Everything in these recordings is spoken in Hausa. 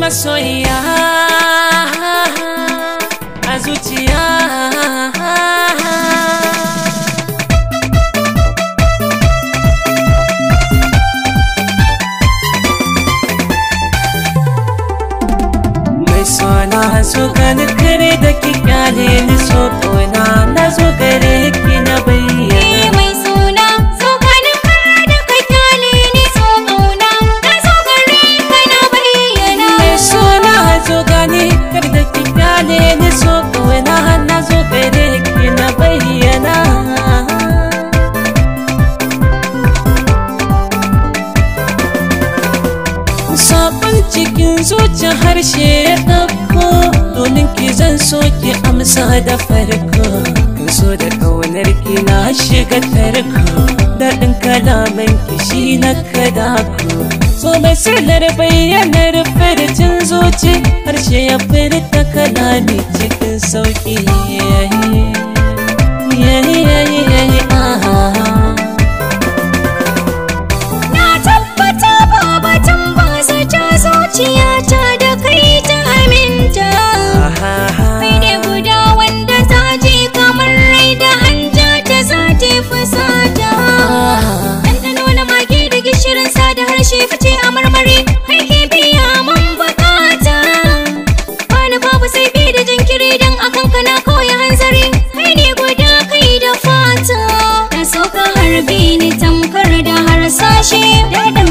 masoya a zuciya mai sona su kare da kikale ni Saban cikin zuci harshe ya ɗauko Domin ki zan so ki amsa da farko In so da ƙaunar ki na shiga tarko Daɗin kalaman ki shi na kadako So mai sirrar bayyanar farcin zuci Harshe ya furta kalami cikin sauƙi shi daga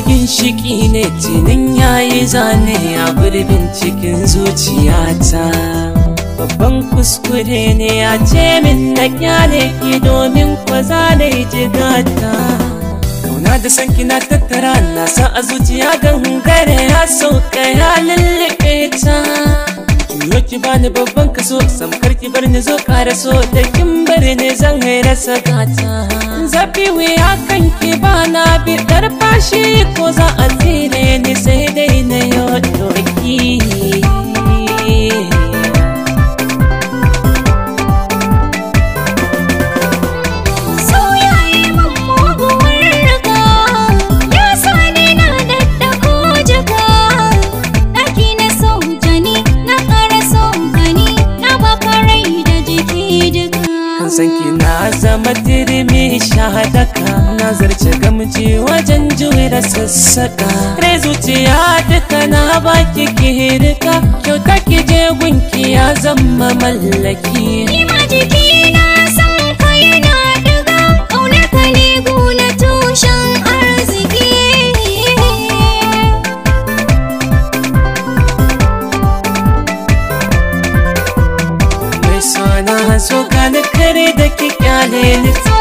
ginshiki ne jinin yayi zane a gurbin cikin zuciyata babban kuskure ne ya ce min na kyale ki domin kwa zane jigata kauna da san kina tattara na san a zuciya da hungare ya sauka ya lullube ta Yo ki bani babban kaso samkar ki bar ni zo kare so da kin bar ni zan haira sakata zafi wuya kan ki bana bi fashi ko za a zire ni sai dai na yau zama dirimi shahadaka na zarce gamji wajen juyi da sassaka rai zuciya duka na ba ki hirka kyauta ki je gunki ya zama mallaki ima jiki na san kai na daga kaunaka ne gona tushen arziki mai sana so dare da ki kyale ni